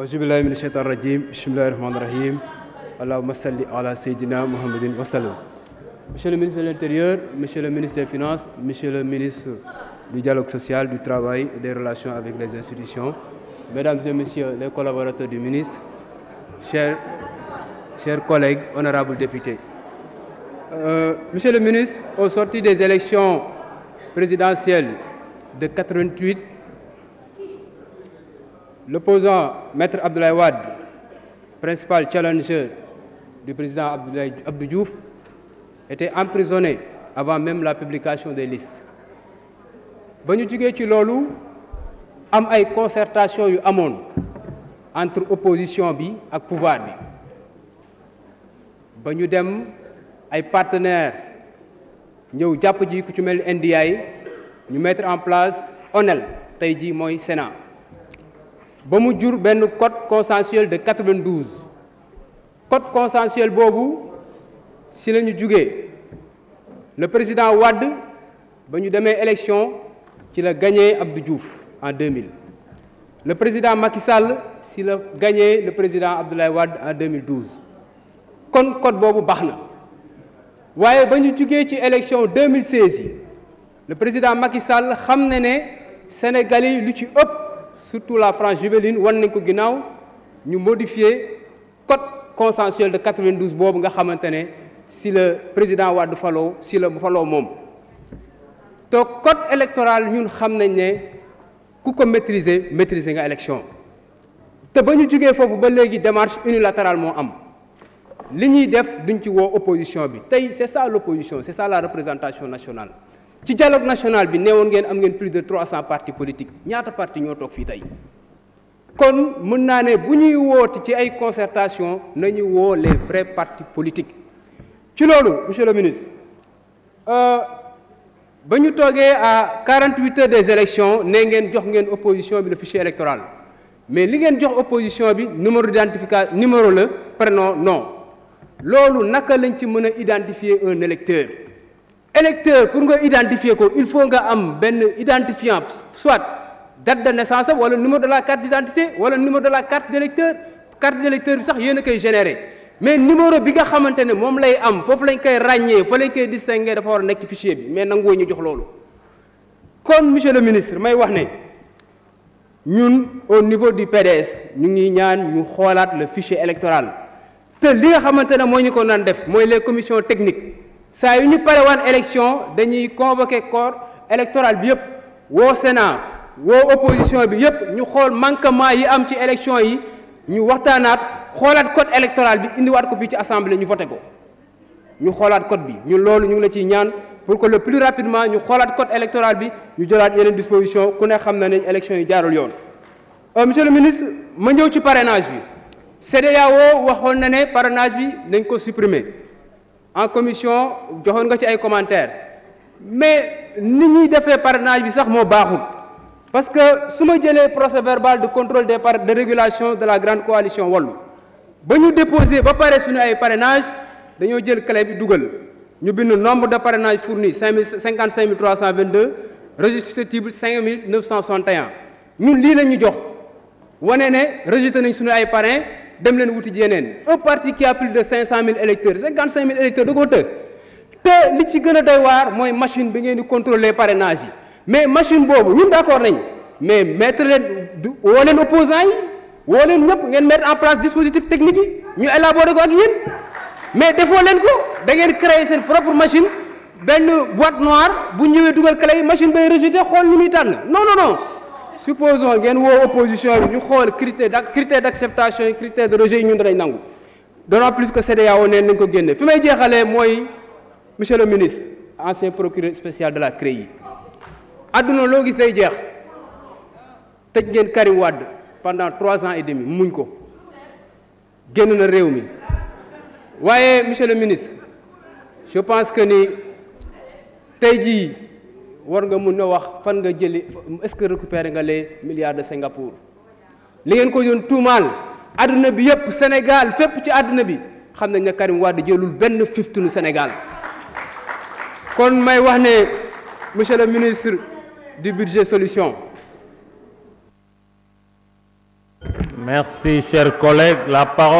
monsieur le ministre de l'intérieur monsieur le ministre des finances monsieur le ministre du dialogue social du travail et des relations avec les institutions mesdames et messieurs les collaborateurs du ministre chers collègues honorables députés euh, monsieur le ministre au sorti des élections présidentielles de 88 L'opposant Maître Abdoulaye Wad, principal challenger du président Abdou Diouf, était emprisonné avant même la publication des listes. Nous avons ci concertation entre opposition et le pouvoir bi nous partenaires mettre en place ONEL Sénat bamu jur une code consensuel de 92 code consensuel Consensuelle, si lañu jugé. le président Ouad, bañu démé élection ci la gagné Abdou Diouf en 2000 le président Macky Sall si la gagné le président Abdoulaye Ouad en 2012 kon code bobu baxna waye bañu ba ci élection 2016 le président Macky Sall xamné né sénégalais lu surtout la France juvénile On avons modifié le ñu code consensuel de 92 pour nga si le président Wade Fallo, si le Le Mom. le code électoral nous savons que ne maîtriser maîtriser nga élection te démarche unilatérale Nous am li def opposition c'est ça l'opposition c'est ça la représentation nationale le dialogue national il y a plus de 300 partis politiques Il parti a des partis qui kon mën naa ne ci concertation nañu les vrais partis politiques monsieur le ministre si euh, on à 48 heures des élections nous ngeen une opposition le fichier électoral mais li ngeen jox opposition le numéro d'identification numéro le prénom non loolu naka lañ ci identifier un électeur électeur pour nga identifier ko il faut nga am ben identifiant soit date de naissance wala numéro de la carte d'identité wala numéro de la carte d'électeur carte d'électeur bi sax yéen a koy générer. mais numéro bi nga xamantene mom lay am fofu lañ koy ragné fa lañ koy distinguer dafa war a fichier bi mais nangoo ñu jox lolu kon monsieur le ministre may wax ne ñun au niveau du PDS ñu ngi ñaan ñu xolaat le fichier électoral te li nga xamantene ne ñu ko naan def moy les commissions techniques ça yu ñu pare waan élection dañuy convoquer corps électoral bi yépp wo Sénat wo opposition bi yépp ñu xol manquement yi am ci élection yi ñu waxtaanaat xoolaat code électoral bi indiwaat ko fi ci assemblée ñu voté ko ñu xoolaat code bi ñu lolu ñu ngi la ci ñaan pour que le plus rapidement ñu xoolaat code électoral bi ñu jëlaat yeneen disposition ku ne xam na ne élection yi jaarul yoon. Euh, monsieur le ministre ma ñëw ci parrainage bi CEDEAO waxoon na ne parrainage bi nañ ko supprimer en commission que nga ci ay commentaires mais ni ñi défé parrainage bi sax mo parce que vous jëlé procès verbal de contrôle des régulations de la grande coalition Wallu Nous déposer, déposé ba paré suñu ay parrainage dañu jël clé bi duggal ñu bind nombre de parrainages fournis 55.322, 322. cinquante 5.961. ñun jox dem un parti qui a plus de 500 électeurs électeurs 55 000 électeurs de li ci gën a doy waar mooy machine bi ngeen di contrôler mais machine boobu nous d' d'accord. mais mettre leen opposants mettre en place dispositif technique techniques? ñu élaborer ko ak yéen mais defoo leen ko da ngeen créer seen propre machine benn boîte noire bu ñëwee dugal clé machine bay rejeté non non non supposons ngeen woo opposition bi ñu xool critère d'acceptation, critère de rejet yi ñun nangu d'autant plus que CEDEAO neen nañ ko génne fi may jeexalee mooy monsieur le ministre ancien procureur spécial de la CREI àdduna loo dit que jeex tëj Karim Wad pendant trois ans et demi muñ ko génn na réew mi waaye monsieur le ministre je pense que ni tey dit war nga mun a wax fan nga jëli est-ce que récupéré nga les milliards de Singapour li ngeen ko yoon tuumaal àdduna bi yëpp Sénégal fépp ci àdduna bi xam nañ ne Karim Wade jëlul benn fiftinu Sénégal kon may wax ne monsieur le ministre du budget solution merci cher collègue la parole